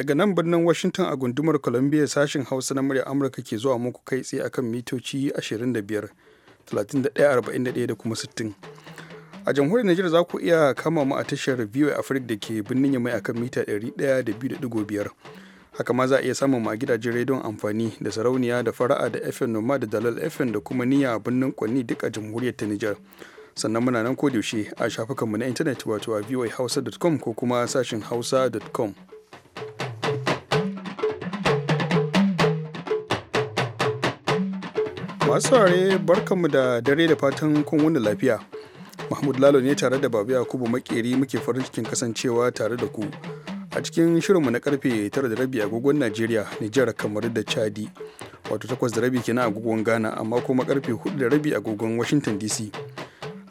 Daga nan birnin Washington a gundumar Columbia sashen Hausa na murya Amurka ke zuwa muku kai tsaye akan mitoci 25, 31, da kuma 60. A jamhuriyar Najeriya za ku iya kama mu a tashar VOA Africa da ke birnin Yamai akan mita 102.5. Haka ma za a iya samun ma gidajen rediyon amfani da sarauniya da fara'a da FM Noma da Dalal FM da kuma niyya birnin Kwanni duk a jamhuriyar ta Nijar. sannan muna nan kodiyaushe a shafukanmu na intanet wato a voahausa.com ko kuma sashin hausa.com masu saurare barkanmu da dare da fatan kun wani lafiya mahmud lalo ne tare da babu yakubu makeri muke farin cikin kasancewa tare da ku a cikin shirinmu na karfe 9:30 agogon najeriya nijar kamar da chadi wato 8:30 kenan agogon ghana amma kuma karfe 4:30 agogon washington dc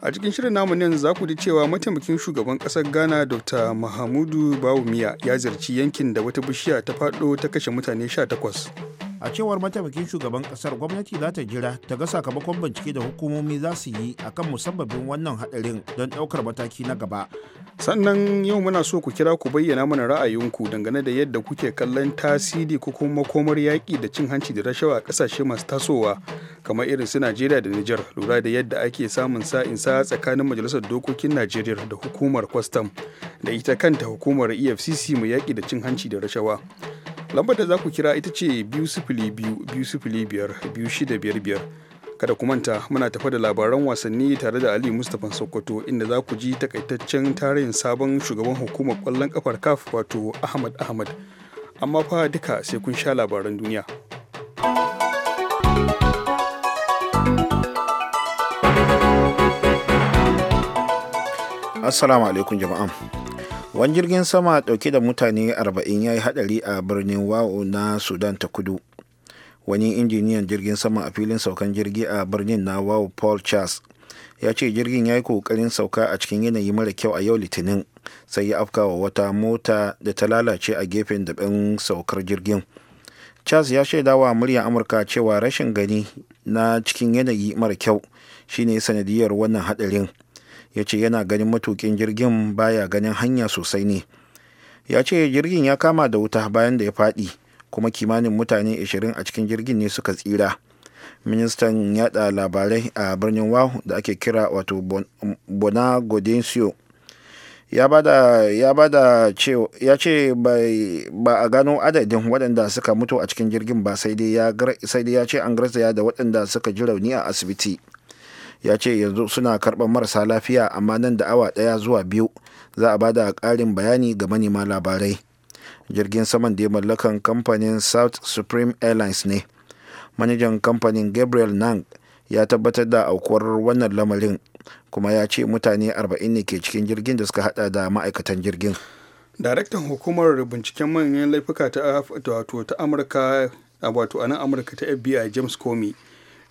a cikin shirin namu nan za ku ji cewa mataimakin shugaban kasar ghana dr mahamudu bawumiya ya ziyarci yankin da wata bishiya ta fado ta kashe mutane 18 a cewar mataimakin shugaban kasar gwamnati za ta jira ta ga sakamakon bincike da hukumomi za su yi a kan musabbabin wannan hadarin don daukar mataki na gaba sannan yau muna so ku kira ku bayyana mana ra'ayinku dangane da yadda kuke kallon tasiri ko kuma makomar yaƙi da cin hanci da rashawa a ƙasashe masu tasowa kamar irin su najeriya da nijar lura da yadda ake samun sa'in sa tsakanin majalisar dokokin najeriya da hukumar kwastam da ita kanta hukumar efcc mai yaƙi da cin hanci da rashawa lambar da za ku kira ita ce biyu sifili biyu biyu sifili biyar biyu shida biyar biyar kada ku manta muna tafa da labaran wasanni tare da ali mustapha sokoto inda za ku ji takaitaccen tarihin sabon shugaban hukumar kwallon kafar kaf wato ahmad ahmad amma fa duka sai kun sha labaran duniya assalamu alaikum jama'a wani jirgin sama dauke da mutane 40 ya yi hadari a birnin wao na sudan ta kudu wani injiniyan jirgin sama a filin saukan jirgi a birnin na wao paul charles ya ce jirgin ya yi kokarin sauka a cikin yanayi mara kyau a yau litinin sai ya afkawa wata mota da ta lalace a gefen daɓen saukar jirgin charles ya shaida wa muryar amurka cewa rashin gani na cikin yanayi mara kyau shine sanadiyar wannan hadarin ya ce yana ganin matukin jirgin baya ganin hanya sosai ne ya ce jirgin ya kama da wuta bayan da ya faɗi kuma kimanin mutane 20 a cikin jirgin ne suka tsira ministan yada labarai a birnin wahu da ake kira wato bona godensio ya bada ya ce ba a gano adadin waɗanda suka mutu a cikin jirgin ba sai dai ya ce an garzaya da waɗanda suka ji rauni a asibiti ya ce yanzu suna karɓar marasa lafiya amma nan da awa ɗaya zuwa biyu za a bada ƙarin bayani ga manema labarai jirgin saman da ya mallakan kamfanin south supreme airlines ne manajan kamfanin gabriel nang ya tabbatar da aukuwar wannan lamarin kuma ya ce mutane 40 ne ke cikin jirgin da suka hada da ma'aikatan jirgin daraktan hukumar binciken manyan laifuka ta amurka a nan amurka ta fbi james comey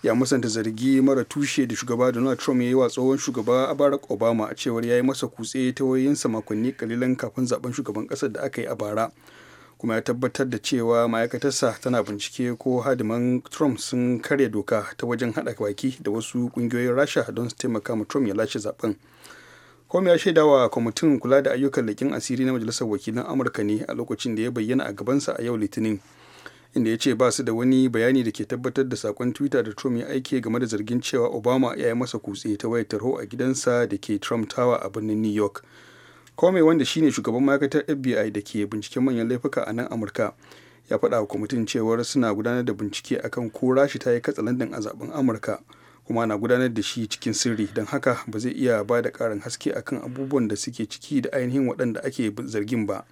ya musanta zargi mara tushe da shugaba donald trump ya yi wa tsohon shugaba barack obama a cewar ya yi masa kutse ta wayoyinsa makonni kalilan kafin zaben shugaban kasar da aka yi a bara kuma ya tabbatar da cewa ma'aikatarsa tana bincike ko hadiman trump sun karya doka ta wajen hada baki da wasu kungiyoyin rasha don su taimaka ma trump ya lashe zaben kome ya shaida wa kwamitin kula da ayyukan leƙin asiri na majalisar wakilan amurka ne a lokacin da ya bayyana a gabansa a yau litinin inda ya ce ba su da wani bayani da ke tabbatar da sakon twitter da trump ya aike game da zargin cewa obama ya yi masa kutse ta wayar tarho a gidansa da ke trump tower a birnin new york kome wanda shine shugaban ma'aikatar fbi da ke binciken manyan laifuka a nan amurka ya faɗa wa kwamitin cewar suna gudanar da bincike akan ko rashi ta yi katsalandan a zaben amurka kuma na gudanar da shi cikin sirri don haka ba zai iya ba da ƙarin haske akan abubuwan da suke ciki da ainihin waɗanda ake zargin ba.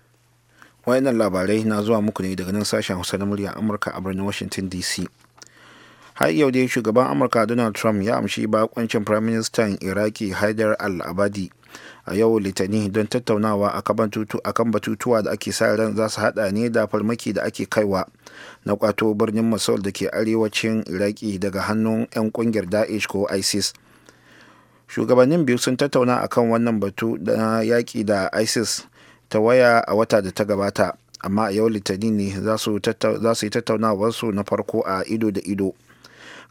wayannan labarai na zuwa muku ne daga nan sashen hausa na murya amurka a birnin washington dc har yau dai shugaban amurka donald trump ya amshi bakoncin prime minister iraki haidar al-abadi a yau litani don tattaunawa a kan batutuwa da ake sa ran za su hada ne da farmaki da ake kaiwa na kwato birnin masol da ke arewacin iraki daga hannun 'yan kungiyar daesh ko isis shugabannin biyu sun tattauna akan wannan batu da yaƙi da isis ta waya a wata da ta gabata amma a yau litani ne za su yi tattaunawarsu na farko a ido da ido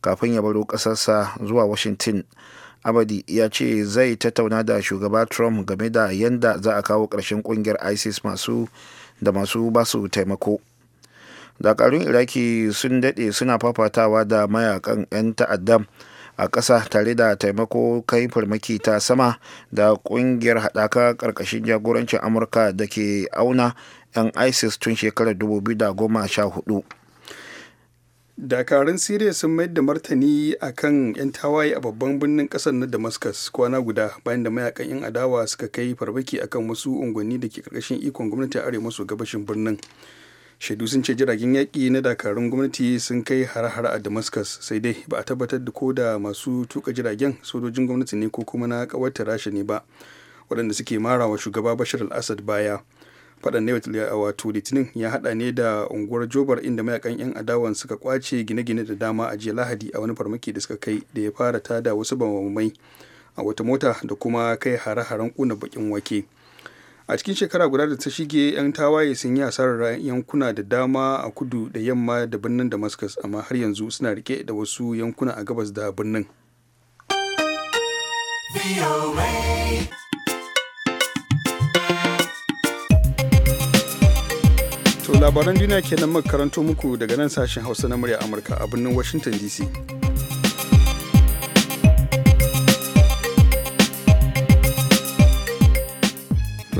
kafin ya baro ƙasarsa zuwa washington abadi ya ce zai tattauna da shugaba trump game da yadda za a kawo ƙarshen ƙungiyar isis masu da masu basu taimako dakarun iraki sun daɗe suna fafatawa da mayakan 'yan ta'adda a ƙasa tare da taimako kai farmaki ta sama da ƙungiyar haɗaka ƙarƙashin jagorancin amurka da ke auna 'yan isis tun shekarar goma sha 2014 dakarun siriya sun mayar da martani a kan 'yan tawaye a babban birnin ƙasar na damascus kwana guda bayan da mayakan 'yan adawa suka kai farmaki akan wasu unguwanni da ke ƙarƙashin ikon gwamnati a arewa maso gabashin birnin shaidu sun ce jiragen yaƙi na dakarun gwamnati sun kai hare-hare a damascus sai dai ba a tabbatar da ko da masu tuka jiragen sojojin gwamnati ne ko kuma na kawata rasha ne ba waɗanda suke marawa shugaba bashar al-assad baya faɗan ne wato litinin ya haɗa ne da unguwar jobar inda mayakan 'yan adawan suka kwace gine-gine da dama a jiya lahadi a wani farmaki da suka kai da ya fara tada wasu bamamai a wata mota da kuma kai hare-haren kuna bakin wake a cikin shekara guda da ta shige 'yan tawaye sun yi asarar yankuna da dama a kudu da yamma da birnin damascus amma har yanzu suna rike da wasu yankuna a gabas da birnin to labaran duniya kenan makaranto muku daga nan sashen hausa na murya amurka a birnin washington dc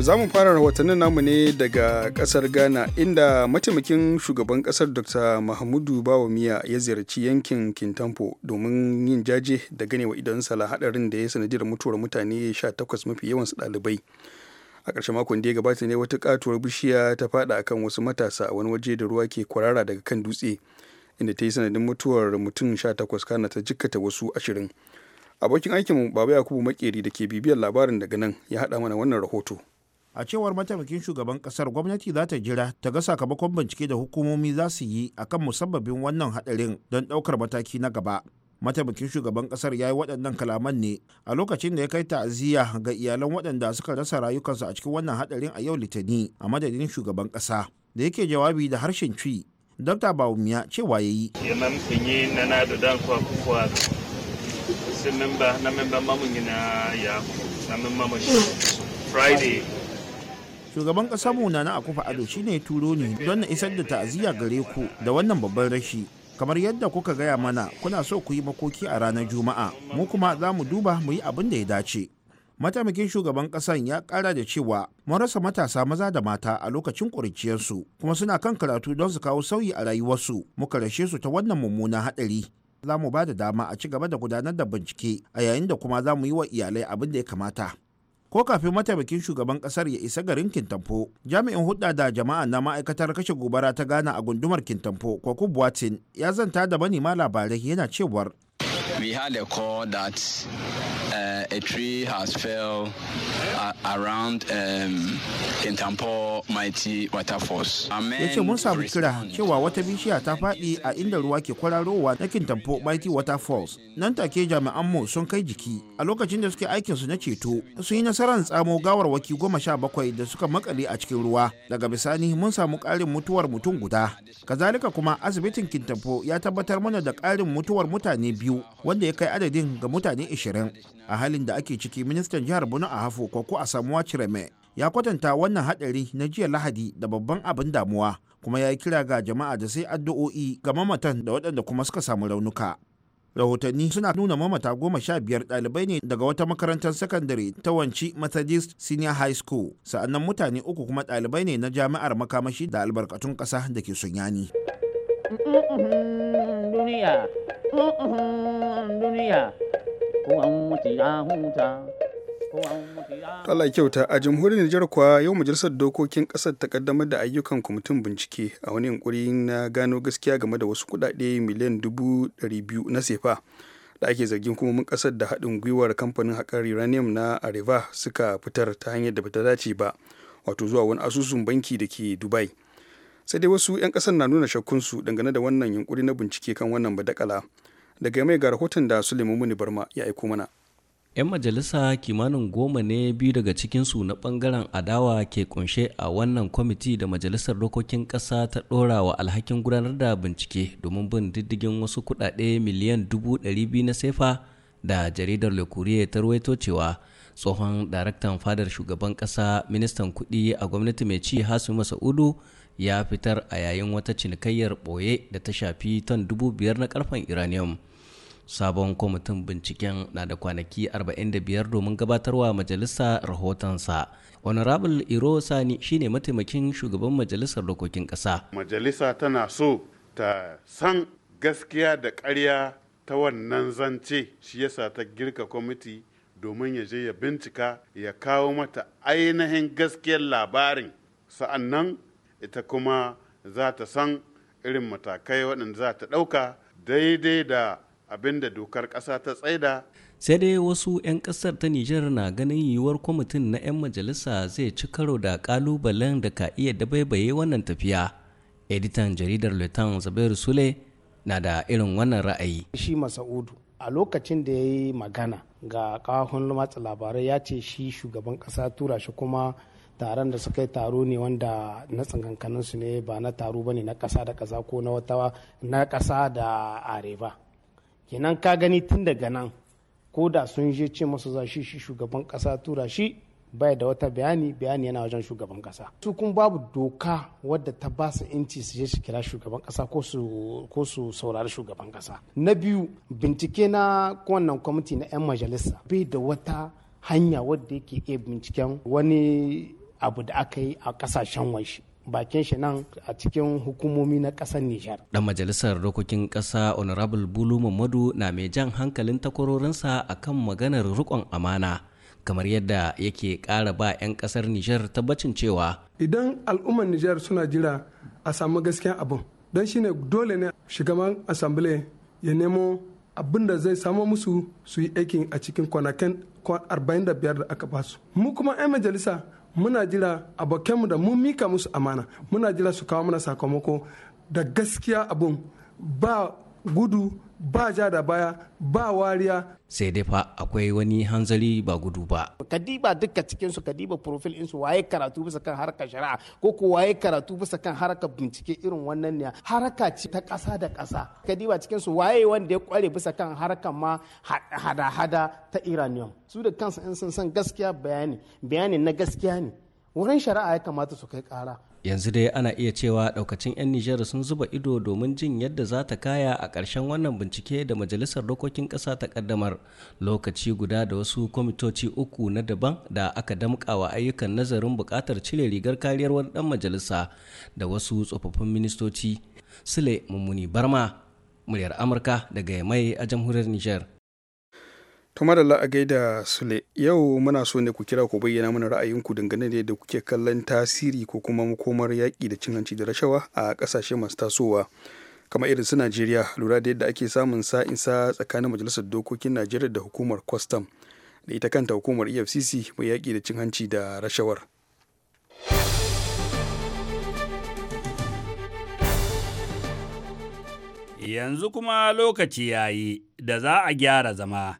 za mu fara rahotannin namu ne daga kasar ghana inda mataimakin shugaban kasar dr mahmudu bawamiya ya ziyarci yankin kintampo domin yin jaje da ganewa idan sala hadarin da ya sanadiyar mutuwar mutane 18 mafi yawan su ɗalibai a ƙarshen makon da ya gabata ne wata katuwar bishiya ta fada akan wasu matasa a wani waje da ruwa ke kwarara daga kan dutse inda ta yi sanadin mutuwar mutum 18 kana ta jikkata wasu ashirin abokin aikin baba yakubu makeri da ke bibiyar labarin daga nan ya haɗa mana wannan rahoto a cewar mataimakin shugaban kasar gwamnati za ta jira ta ga sakamakon bincike da hukumomi za su yi akan musabbabin wannan hadarin don daukar mataki na gaba mataimakin shugaban kasar ya yi waɗannan kalaman ne a lokacin da ya kai ta'aziyya ga iyalan waɗanda suka rasa rayukansu a cikin wannan hadarin a yau litani a madadin shugaban ƙasa da yake jawabi da harshen ci dr bawumiya cewa ya yi friday shugaban ƙasar mu na akufa ado shine ya turo ni don na isar da ta'aziyya gare ku da wannan babban rashi kamar yadda kuka gaya mana kuna so ku yi makoki a ranar juma'a mu kuma za mu duba mu yi abin da ya dace mataimakin shugaban kasan ya kara da cewa mun rasa matasa maza da mata a lokacin ƙuriciyarsu kuma suna kan karatu don su kawo sauyi a rayuwarsu muka rashe su ta wannan mummunan haɗari za mu ba da dama a ci gaba da gudanar da bincike a yayin da kuma za mu yi wa iyalai abin da ya kamata ko kafin mataimakin shugaban kasar ya isa garin kintampo jami'in hudda da jama'a na ma'aikatar kashe gobara ta gana a gundumar kintampo kwaku buwatin ya zanta da manema labarai yana cewar we had a call that uh, a tree has fell uh, around um, Tampo Mighty Waterfalls. Ya ce mun samu kira cewa wata bishiya ta faɗi a inda ruwa ke kwararowa na Kintampo Mighty Waterfalls. Nan take jami'an mu sun kai jiki a lokacin da suke aikinsu na ceto sun yi nasarar tsamo gawarwaki goma sha bakwai da suka makale a cikin ruwa. Daga bisani mun samu ƙarin mutuwar mutum guda. Kazalika kuma asibitin Kintampo ya tabbatar mana da ƙarin mutuwar mutane biyu wanda ya kai adadin ga mutane 20 a halin da ake ciki ministan jihar borno a hafo kwakwa a samuwa cireme ya kwatanta wannan hadari na jiya lahadi da babban abin damuwa kuma ya yi kira ga jama'a da sai addu'o'i ga mamatan da waɗanda kuma suka samu raunuka rahotanni suna nuna mamata goma sha biyar ɗalibai ne daga wata makarantar sakandare ta wanci methodist senior high school sa'annan mutane uku kuma ɗalibai ne na jami'ar makamashi da albarkatun ƙasa da ke sunyani. duniya ko an huta Allah kyauta a jamhuriyar Nijar kuwa yau majalisar dokokin ƙasar ta kaddamar da ayyukan kwamitin bincike a wani yunkuri na gano gaskiya game da wasu kuɗaɗe miliyan dubu biyu na sefa da ake zargin hukumomin kasar da haɗin gwiwar kamfanin haƙar uranium na areva suka fitar ta hanyar da bata dace ba wato zuwa wani asusun banki da ke dubai sai dai wasu 'yan kasar na nuna shakkunsu dangane da wannan yunkuri na bincike kan wannan badakala daga mai ga rahoton da suleiman muni barma ya aiko mana 'yan majalisa kimanin goma ne biyu daga cikinsu na bangaren adawa ke kunshe a wannan kwamiti da majalisar dokokin kasa ta dora wa alhakin gudanar da bincike domin bin diddigin wasu kudade miliyan dubu ɗari biyu na sefa da jaridar lekuriya ta ruwaito cewa tsohon daraktan fadar shugaban kasa ministan kudi a gwamnati mai ci hasu masa'udu ya fitar a yayin wata cinikayyar ɓoye da ta shafi ton dubu biyar na karfen iranium sabon kwamitin binciken na da kwanaki 45 domin gabatarwa majalisa rahotonsa honorable iro sani shine mataimakin shugaban majalisar dokokin ƙasa majalisa tana so ta san gaskiya da karya ta wannan zance shi yasa ta girka kwamiti domin ya je ya bincika ya kawo mata ainihin gaskiyar labarin sa'annan ita kuma za ta san irin matakai waɗanda za ta ɗauka daidai da abin da dokar ƙasa ta tsaida. sai dai wasu 'yan ƙasar ta nijar na ganin yiwuwar kwamitin na 'yan majalisa zai ci karo da ƙalubalen da ka iya dabaibaye wannan tafiya editan jaridar lutan zabairu sule na da irin wannan ra'ayi shi masa'udu a lokacin da ya yi magana ga kawahun matsa labarai ya ce shi shugaban ƙasa tura shi kuma taron da suka yi taro ne wanda na tsangankanin su ne ba na taro ba ne na ƙasa da ƙasa ko na wata na ƙasa da areba kenan ka gani tun daga nan ko da sun je ce masu za shi shugaban ƙasa tura shi bai da wata bayani bayani yana wajen shugaban kasa su kun babu doka wadda ta ba su inci su je su kira shugaban ƙasa ko su saurari shugaban ƙasa. na biyu bincike na wannan kwamiti na 'yan majalisa bai da wata hanya wadda yake iya binciken wani abu da aka yi a kasashen washe. bakin shi nan a cikin hukumomi na ƙasar Nijar. Dan majalisar dokokin ƙasa Honorable Bulu Mamadu na mai jan hankalin takwarorinsa a kan maganar rikon amana. kamar yadda yake ƙara ba 'yan ƙasar Nijar tabbacin cewa. Idan al'ummar Nijar suna jira a samu gaskiya abin don shine dole ne shugaban asambile ya nemo abin da zai samo musu su yi aikin a cikin kwanakan 45 da aka basu. Mu kuma 'yan majalisa muna jira abokanmu da mun mika musu amana muna jira su kawo mana sakamako da gaskiya abun ba gudu ba ja da baya ba wariya sai dai fa akwai wani hanzari ba gudu ba kadiba duka cikin su kadiba profil din su waye karatu bisa kan harkar shari'a ko ko waye karatu bisa kan harka bincike irin wannan ne haraka ce ta ƙasa da ƙasa kadiba cikin su waye wanda ya kware bisa kan harkar ma hada-hada ta iranium su da kansu in sun san gaskiya bayani bayani na gaskiya ne wurin shari'a ya kamata su kai ƙara yanzu dai ana iya cewa daukacin 'yan nijar sun zuba ido domin jin yadda za ta kaya a ƙarshen wannan bincike da majalisar dokokin ƙasa ta ƙaddamar lokaci guda da wasu kwamitoci uku na daban da aka damƙawa ayyukan nazarin buƙatar cire rigar kariyar wani ɗan majalisa da wasu tsofaffin ministoci sule mummuni barma muryar amurka daga mai a jamhuriyar nijar To da a gaida Sule, yau muna so ne ku kira ku bayyana mana ra'ayinku dangane da kuke kallon tasiri ko kuma makomar yaƙi da cin hanci da rashawa a ƙasashe masu tasowa. Kamar irin su Najeriya, lura da yadda ake samun sa'insa tsakanin Majalisar Dokokin Najeriya da Hukumar Kwastam, da ita kanta Hukumar EFCC mai yaƙi da cin hanci da rashawar. Yanzu kuma lokaci yayi da za a gyara zama.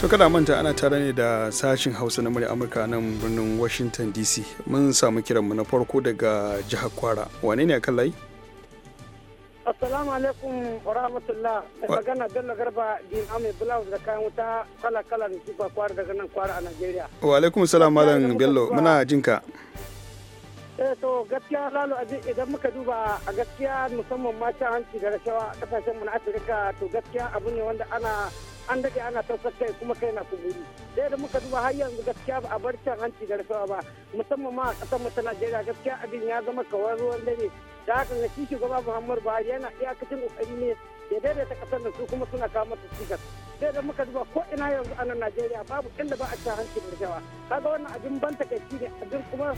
to kada manta ana tare ne da sashin hausa na murya amurka nan birnin washington dc mun samu kiranmu na farko daga jihar kwara wane ne akan layi assalamu alaikum wa rahmatullah da magana bello garba din ame blouse da kayan wuta kala kala da shi kwara daga nan kwara a nigeria wa alaikum salam malam bello muna jinka eh to gaskiya lalo idan muka duba a gaskiya musamman mata hanci da rashawa kasashen mu na afirka to gaskiya abu ne wanda ana an daɗe ana ta kai kuma kai na kuburi sai da muka duba har yanzu gaskiya ba a bar can hanci da rasawa ba musamman ma a ƙasar mu ta Najeriya gaskiya abin ya zama kawar ruwan dare da haka na shi shugaba Muhammadu Buhari yana iyakacin kokari ne ya daidaita ƙasar da su kuma suna kawo mata cikas sai da muka duba ko ina yanzu a nan Najeriya babu inda ba a can hanci da rasawa kaga wannan abin ban takaici ne abin kuma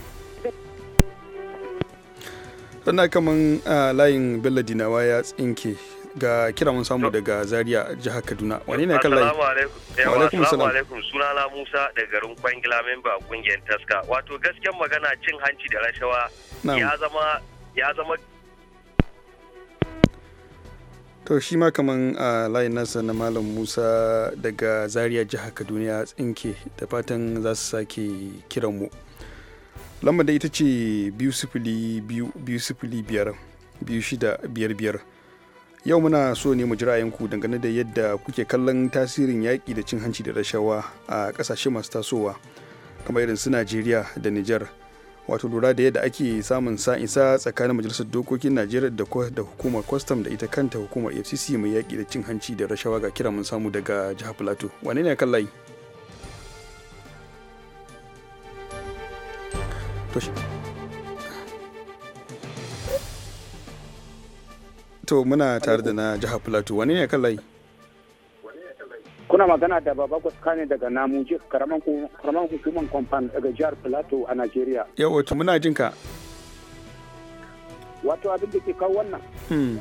sannan kaman ah, layin bello dinawa ya tsinke ga kira mun samu daga Zaria jihar Kaduna. Wani ne kallai? Assalamu alaikum. Assalamu alaikum. na Musa daga garin Kwangila memba kungiyar Taska. Wato gasken magana cin hanci da rashawa ya zama ya zama To shi ma kaman a layin nasa na Malam Musa daga Zaria jihar Kaduna ya tsinke da fatan za su sake kiran mu. Lambar da ita ce biyu sifili biyu biyu sifili biyar biyu shida biyar biyar. yau muna so ne mu ji ra'ayinku dangane da yadda kuke kallon tasirin yaƙi da cin hanci da rashawa a ƙasashe masu tasowa kamar irin su najeriya da nijar wato lura da yadda ake samun sa'isa tsakanin majalisar dokokin najeriya da da hukumar kwastam da ita kanta hukumar fcc mai yaƙi da cin hanci da rashawa ga kira mun samu daga jihar plateau wane ne kan layi to muna tare da na jihar plateau wani ne kallai kuna magana da baba ne daga namu karaman hukumar kwamfan daga jihar plateau a nigeria yawa to muna jin ka wato abin da ke kawo wannan hmm.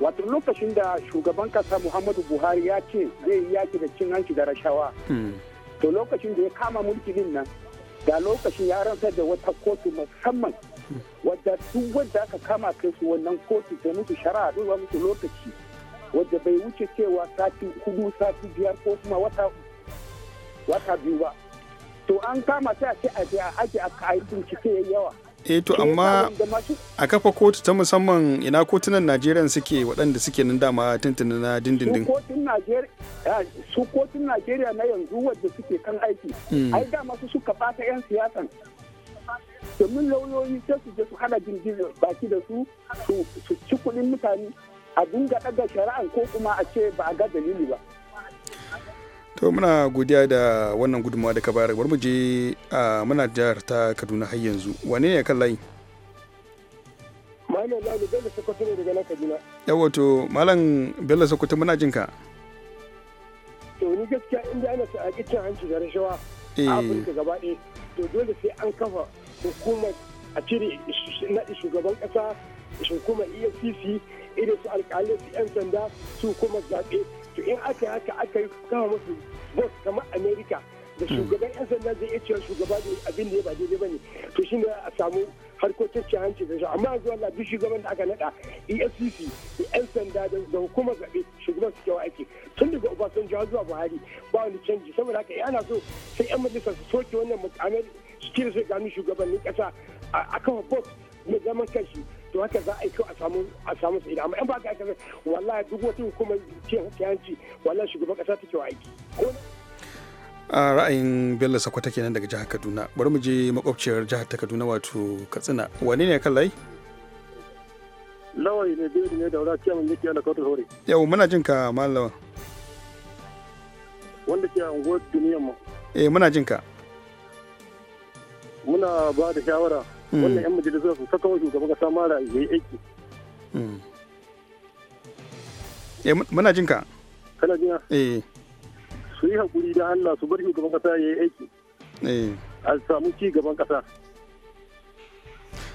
wato lokacin da shugaban kasa muhammadu buhari ya ce zai yi yaki da cin hanci da rashawa hmm. to lokacin da ya kama mulki nan da lokacin ya rantsar da wata kotu musamman wadda duk wadda aka kama kai su wannan kotu ta musu duk wa musu lokaci wadda bai wuce cewa sati hudu sati biyar ko kuma wata wata biyu ba to an kama sai a ce a je a aje a kai bincike ya yawa eh to amma a kafa kotu ta musamman ina kotunan najeriya suke waɗanda suke nan dama tuntuni na dindindin su kotun najeriya na yanzu wadda suke kan aiki hmm. ai dama su suka ɓata yan siyasan domin lauyoyi sai su je su hana jirgin baki da su su ci kudin mutane a dinga ɗaga shari'an ko kuma a ce ba a ga dalili ba. to muna godiya da wannan gudunmawa da ka bayar bari mu je a muna jihar ta kaduna har yanzu wane ne kan layi malam lalu bello sokoto ne daga nan kaduna yawa to malam bello sokoto muna jinka to ni gaskiya inda ana sa a kicin hanci da rashawa a eh. afirka gaba ɗaya to dole sai an kafa hukumar a cire shugaban kasa hukumar efcc irin su alkalin su yan sanda su hukumar zaɓe to in aka haka aka yi kama musu bot kamar america da hmm. shugaban yan sanda zai iya cewa shugaba da abin da ya ba daidai ba ne to shi ne a samu harkokin cin hanci da shi amma yanzu Allah duk shugaban da aka naɗa EFCC da yan sanda da hukumar zaɓe shugaban su kyawa ake tun daga Obasanjo zuwa Buhari ba wani canji saboda haka ana so sai yan majalisa su soke wannan mukamai cikin su gano shugabannin kasa a kafa bot mai zaman kashi to haka za a yi kyau a samu a samu sai amma in ba ka aka wallahi duk wata hukumar cin hanci wallahi shugaban kasa take wa aiki a ra'ayin bello sakwata kenan daga jihar kaduna bari mu je makwabciyar jihar ta kaduna wato katsina wani ne kallai. layi lawai ne da ne da ce ciyaman yake yana kawo hore yau muna jin ka malawa wanda ke a unguwar duniyan mu eh muna jin ka muna ba da shawara mm. wannan 'yan majalisar su ta kawo shugaban kasa mara ya yi aiki. Mm. Eh, muna jin ka. Kana jina? Eh. Su yi hakuri da Allah su bar shugaban kasa ya yi aiki. Eh. A samu ci gaban kasa.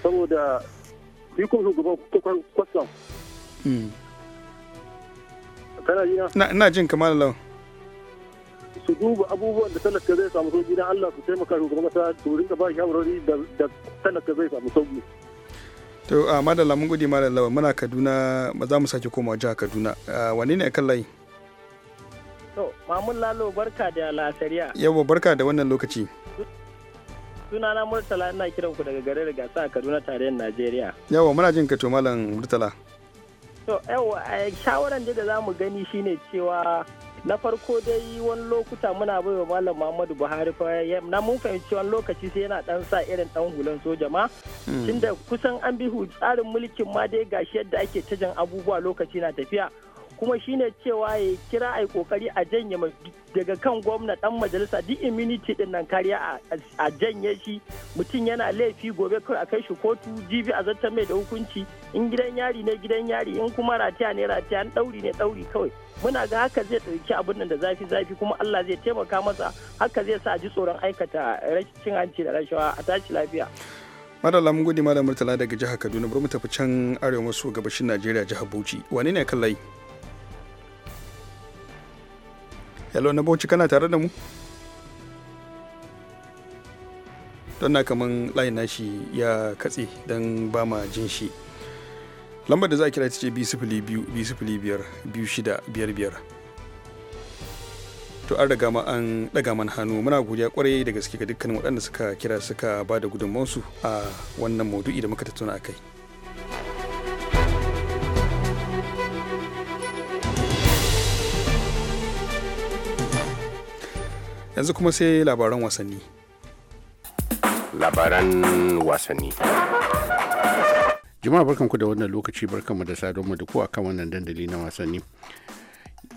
Saboda shi kuma shugaban kwastam. Mm. Kana jina? Na jin ka malam. su duba abubuwan da talaka zai samu sauki don Allah su taimaka shugaban ta turin ka ba shawarwari da talaka zai samu sauki to a madalla mun gudi madalla muna Kaduna ba za mu sake komawa jihar Kaduna wani ne kan layi to mamun lalo barka da lasariya yawa barka da wannan lokaci sunana murtala ina kiran ku daga garin gasa a kaduna tarayyar najeriya yawa muna jin ka to malam murtala to yawa shawaran da za mu gani shine cewa na farko dai wani lokuta muna baiwa malam muhammadu buhari fa na mun fahimci wani lokaci sai yana dan sa irin dan hulan soja ma hmm. tunda kusan an bi tsarin mulkin ma dai gashi yadda ake ta abubuwa lokaci na tafiya kuma shine cewa ya kira a kokari a janye daga kan gwamna dan majalisa duk immunity din nan kariya a janye shi mutum yana laifi gobe kawai a kai shi kotu jibi a zartar mai da hukunci in gidan yari ne gidan yari in kuma ratiya ne ratiya dauri ne dauri kawai muna ga haka zai ɗauki abin nan da zafi zafi kuma Allah zai taimaka masa haka zai sa ji tsoron aikata rashin hanci da rashawa a tashi lafiya madalla mun gode malam murtala daga jihar kaduna bari mu tafi can arewa maso gabashin najeriya jihar bauchi wane ne kan layi hello na bauchi kana tare da mu don na kaman layin nashi ya katse don ba ma jin shi lambar da za a kira ta ce 2 to an riga ma an daga man hannu muna godiya kwarai da gaske ga dukkanin waɗanda suka kira suka ba da gudunmansu a wannan maudu'i da muka tattauna a kai yanzu kuma sai labaran wasanni labaran wasanni jama'a barkanku da wannan lokaci barkanmu da mu da ku kan wannan dandali na wasanni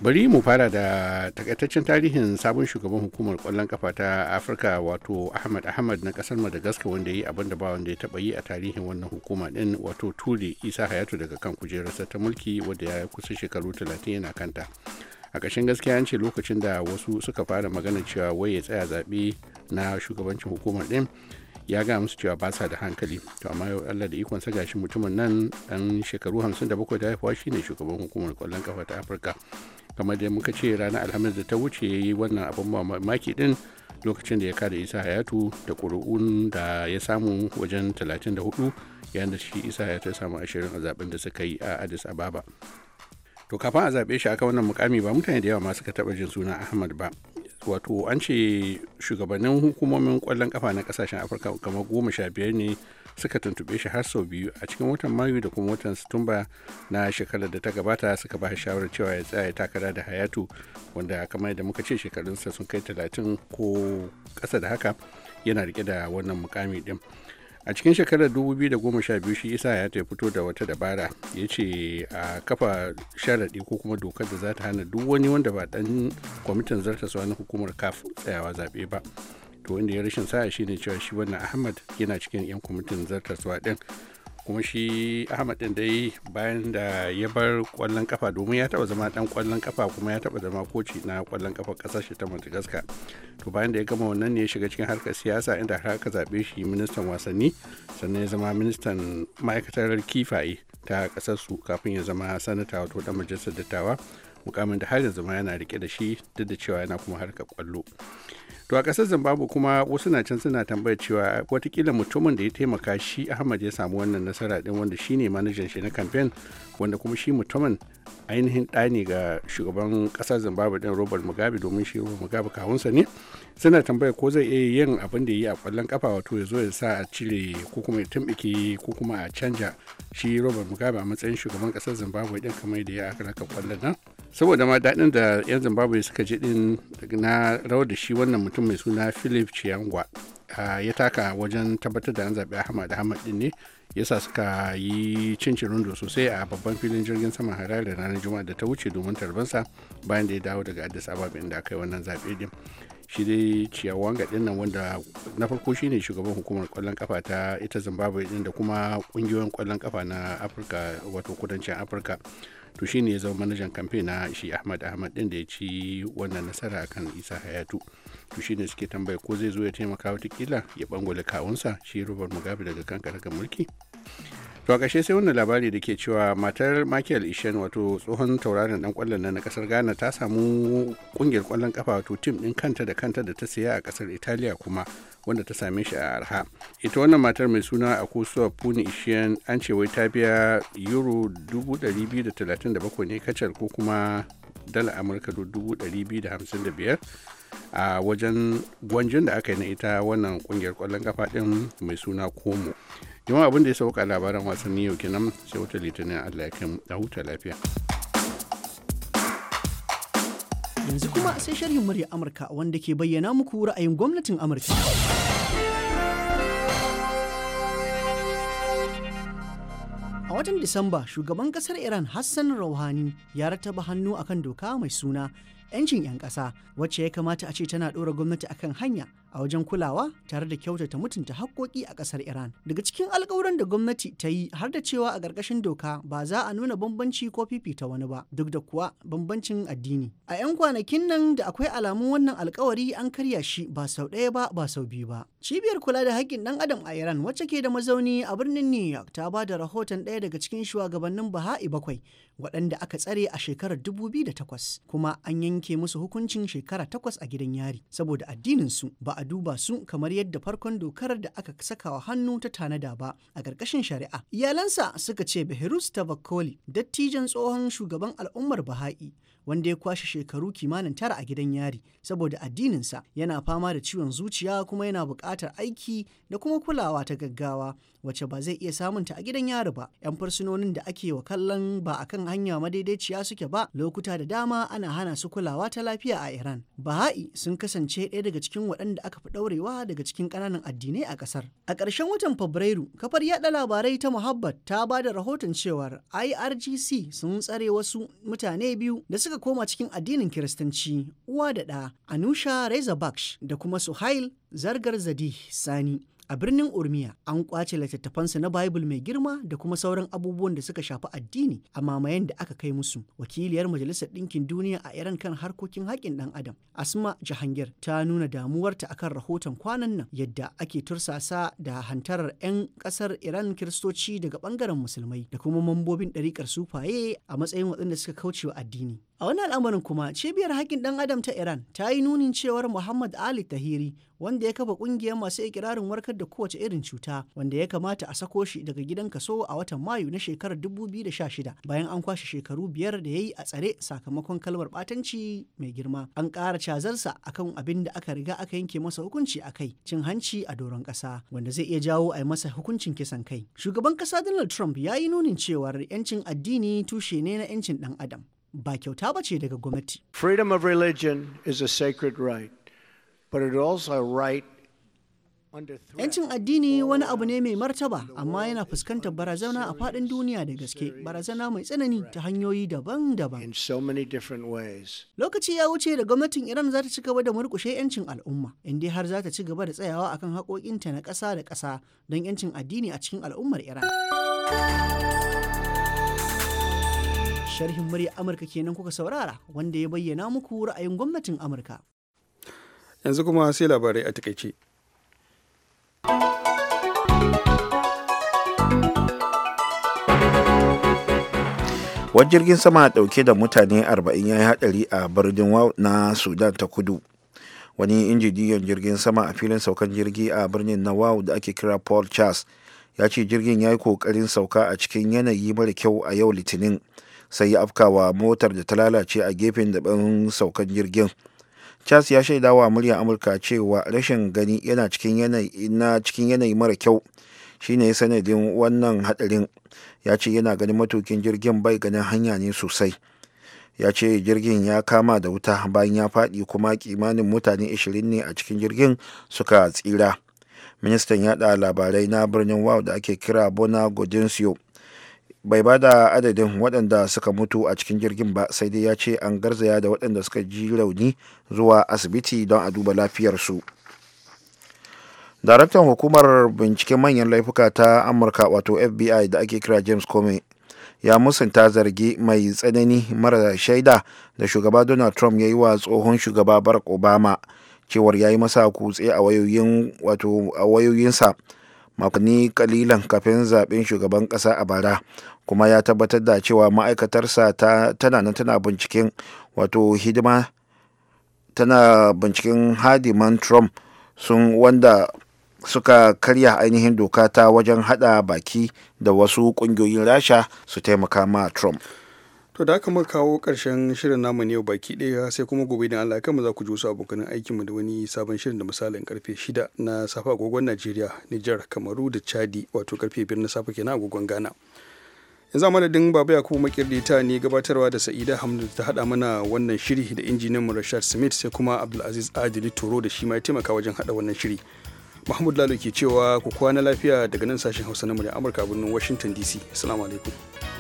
bari mu fara da takaitaccen tarihin sabon shugaban hukumar kwallon kafa ta afirka wato ahmad ahmad na kasar madagascar wanda ya yi abin da ba wanda ya taba yi a tarihin wannan hukuma din wato ture isa hayatu daga kan kujerarsa ta mulki wadda ya kusa shekaru 30 yana kanta a ƙashin gaskiya an ce lokacin da wasu suka fara magana cewa wai ya tsaya zaɓe na shugabancin hukumar ɗin ya ga musu cewa ba sa da hankali to amma yau Allah da ikon saga shi mutumin nan dan shekaru 57 da haifuwa shine shugaban hukumar kwallon kafa ta Afirka kamar da muka ce ranar alhamis da ta wuce yayi wannan abin mamaki din lokacin da ya kada isa hayatu da ƙuri'un da ya samu wajen 34 yayin da shi isa hayatu ya samu ashirin a zaben da suka yi a addis ababa to kafin a zaɓe shi aka wannan mukami ba mutane da yawa ma suka taɓa jin suna ahmad ba wato an ce shugabannin hukumomin ƙwallon kafa na kasashen afirka kamar goma sha biyar ne suka tuntube shi har sau biyu a cikin watan mayu da kuma watan satumba na shekarar da ta gabata suka ba shawarar cewa ya tsaya takara da hayatu wanda kamar da muka ce shekarunsa sun kai talatin ko ƙasa da haka yana rike da wannan mukami din a cikin shekarar 2012 shi isa ya fito da wata dabara ya ce a kafa sharaɗi ko kuma dokar da za ta hana duk wani wanda ba ɗan kwamitin zartaswa na hukumar kaf tsayawa zaɓe ba to inda ya rashin sa'a shine cewa shi wannan ahmad yana cikin 'yan kwamitin zartaswa ɗin kuma shi ahmad din dai bayan da ya bar kwallon kafa domin ya taba zama dan kwallon kafa kuma ya taba zama koci na kwallon kafa kasar shi ta madagascar to bayan da ya gama wannan ne ya shiga cikin harkar siyasa inda har aka zaɓe shi ministan wasanni sannan ya zama ministan ma'aikatar kifaye ta kasar su kafin ya zama sanata wato dan majalisar dattawa mukamin da har yanzu ma yana rike da shi duk da cewa yana kuma harkar kwallo to a ƙasar zimbabwe kuma wasu na can suna tambayar cewa watakila mutumin da ya taimaka shi ahmad ya samu wannan nasara din wanda shine manajan shi na kamfen wanda kuma shi mutumin ainihin ɗa ne ga shugaban ƙasar zimbabwe din robert mugabe domin shi robert mugabe kawunsa ne suna tambayar ko zai iya yin abin da ya yi a kwallon kafa wato ya zo ya sa a cire ko kuma ya tumɓuke ko kuma a canja shi robert mugabe a matsayin shugaban ƙasar zimbabwe din kamar da ya aka raka ƙwallon nan saboda ma daɗin da 'yan zimbabwe suka ji din na rawar da shi wannan mutum mai suna philip chiangwa ya taka wajen tabbatar da an zaɓi ahmad ahmad din ne yasa suka yi cincin rundo sosai a babban filin jirgin saman harare da ranar juma'a da ta wuce domin tarbansa bayan da ya dawo daga addis ababa inda aka yi wannan zaɓe din shi dai ciyawanga din nan wanda na farko shi ne shugaban hukumar kwallon kafa ta ita zimbabwe din da kuma kungiyoyin kwallon kafa na afirka wato kudancin afirka to shine ya zama manajan kamfe na shi ahmad ahmad din da ya ci wannan nasara akan isa hayatu to shine suke tambaya ko zai zo ya taimaka watakila ya bangole kawunsa shi robert mugabe daga kan mulki to a kashe sai wannan labari da ke cewa matar michael ishen wato tsohon tauraron dan kwallon na kasar ghana ta samu kungiyar kwallon kafa wato tim din kanta da kanta da ta saya a kasar italiya kuma wanda ta same shi a arha ita wannan matar mai suna a kusa puni ishen an ce wai ta biya euro 237 ne kacal ko kuma dala amurka 255 a wajen gwanjin da aka yi na ita wannan kungiyar kwallon kafa din mai suna komo jama'a abin da ya sauka labaran wasanni yau kenan sai wata litinin allah ya a huta lafiya yanzu kuma sai sharhin murya amurka wanda ke bayyana muku ra'ayin gwamnatin amurka A watan Disamba, shugaban kasar Iran Hassan Rouhani ya rataba hannu akan doka mai suna 'yancin 'yan ƙasa wacce ya kamata a ce tana ɗora gwamnati akan hanya a wajen kulawa tare da kyautata mutunta haƙƙoƙi a ƙasar Iran. Daga cikin alƙawuran da gwamnati ta yi har da cewa a ƙarƙashin doka ba za a nuna bambanci ko fifita wani ba duk da kuwa bambancin addini. A 'yan kwanakin nan da akwai alamun wannan alƙawari an karya shi ba sau ɗaya ba ba sau biyu ba. Cibiyar kula da haƙƙin ɗan adam a Iran wacce ke da mazauni a birnin New York ta ba da rahoton ɗaya daga cikin shugabannin Baha'i bakwai waɗanda aka tsare a shekarar 2008 kuma an yanke musu hukuncin shekara takwas a gidan yari saboda addinin su ba a a duba su kamar yadda farkon dokar da aka sakawa hannu ta tanada ba a ƙarƙashin shari'a. Iyalansa suka ce Behrus Tabakoli, dattijan tsohon shugaban al'ummar Baha'i, wanda ya kwashe shekaru kimanin tara a gidan yari saboda addininsa yana fama da ciwon zuciya kuma yana buƙatar aiki da kuma kulawa ta gaggawa wacce ba zai iya samun ta a gidan yari ba. 'Yan fursunonin da ake wa kallon ba a kan hanya madaidaiciya suke ba lokuta da dama ana hana su kulawa ta lafiya a Iran. Baha'i sun kasance ɗaya daga cikin waɗanda aka fi ɗaurewa daga cikin ƙananan addinai a ƙasar. A ƙarshen watan Fabrairu, kafar yaɗa labarai ta Muhabbat ta ba da rahoton cewar IRGC sun tsare wasu mutane biyu da suka koma cikin addinin Kiristanci, uwa da ɗa, Anusha Reza Baksh da kuma Suhail Zargar Zadi Sani. A birnin Urmiya an kwace littattafansa na Bible mai girma da kuma sauran abubuwan da suka shafi addini a mamayen da aka kai musu. Wakiliyar Majalisar Ɗinkin Duniya a Iran kan harkokin haƙƙin ɗan Adam, Asma Jahangir ta nuna damuwarta akan rahoton kwanan nan yadda ake tursasa da hantarar 'yan ƙasar Iran Kiristoci daga ɓangaren Musulmai da kuma mambobin ɗariƙar sufaye a matsayin waɗanda suka kauce wa addini. A wani al'amarin kuma cibiyar haƙƙin ɗan adam ta Iran ta yi nunin cewar Muhammad Ali Tahiri wanda ya kafa ƙungiyar masu ikirarin warkar da kowace irin cuta wanda ya kamata a sako shi daga gidan kaso a watan Mayu na shekarar 2016 bayan an kwashe shekaru biyar da ya yi a tsare sakamakon kalmar batanci mai girma. An ƙara cazarsa akan abin da aka riga aka yanke masa hukunci a kai cin hanci a doron ƙasa wanda zai iya jawo a yi masa hukuncin kisan kai. Shugaban ƙasa Donald Trump ya yi nunin cewar 'yancin addini tushe ne na 'yancin ɗan adam ba kyauta ba ce daga gwamnati. Freedom of religion is a sacred right, but it also right Yancin addini wani abu ne mai martaba, amma yana fuskantar barazana a faɗin duniya da gaske, barazana mai tsanani ta hanyoyi daban-daban. Lokaci ya wuce da gwamnatin Iran za ta ci gaba da murƙushe yancin al'umma, inda har za ta ci gaba da tsayawa akan haƙoƙinta na ƙasa da ƙasa don yancin addini a cikin al'ummar Iran. Sharhin murya Amurka kenan kuka saurara wanda ya bayyana muku ra'ayin gwamnatin Amurka. Yanzu kuma sai labarai a takaice. wani jirgin sama dauke da mutane 40 ya yi hadari a birnin na sudan ta kudu wani injiniyan jirgin sama a filin saukan jirgi a birnin na wow da ake kira paul charles ya ce jirgin ya yi kokarin sauka a cikin yanayi mara kyau a yau litinin sai ya afkawa motar da ta lalace a gefen daban saukan jirgin chas ya shaida wa muryar amurka cewa rashin gani yana cikin yanayi na cikin yanayi mara kyau shine sanadin wannan hadarin ya ce yana ganin matukin jirgin bai ganin hanya ne sosai ya ce jirgin ya kama da wuta bayan ya fadi kuma kimanin mutane 20 ne a cikin jirgin suka tsira ministan yada labarai na birnin wow da ake kira bona godincio bai ba da adadin waɗanda suka mutu a cikin jirgin ba sai dai ya ce an garzaya da waɗanda suka ji rauni zuwa asibiti don a duba lafiyarsu daraktan hukumar binciken manyan laifuka ta amurka wato fbi da ake kira james comey ya musanta zargi mai tsanani mara shaida da shugaba donald trump ya yi wa tsohon shugaba barack obama cewar ya yi masa kutse a wayoyinsa makonni kalilan kafin zaben shugaban kasa a bara kuma ya tabbatar da cewa ma'aikatarsa ta tana nan tana binciken wato hidima tana binciken hadiman trump sun wanda suka karya ainihin doka ta wajen hada baki da wasu kungiyoyin rasha su taimaka ma trump to da aka kawo karshen shirin namu ne baki ɗaya sai kuma gobe da Allah kama za ku ji wasu abokan aikin mu da wani sabon shirin da misalin karfe 6 na safa agogon Najeriya Nijar Kamaru da Chadi wato karfe 5 na safe kenan agogon Ghana yanzu a madadin babu yakubu kuma ta ne gabatarwa da sa'ida hamdu ta haɗa mana wannan shiri da injiniyan mu rashad smith sai kuma abdulaziz adili toro da shi ma ya taimaka wajen haɗa wannan shiri mahmud lalo ke cewa ku kwana lafiya daga nan sashen hausa na murya amurka birnin washington dc assalamu alaikum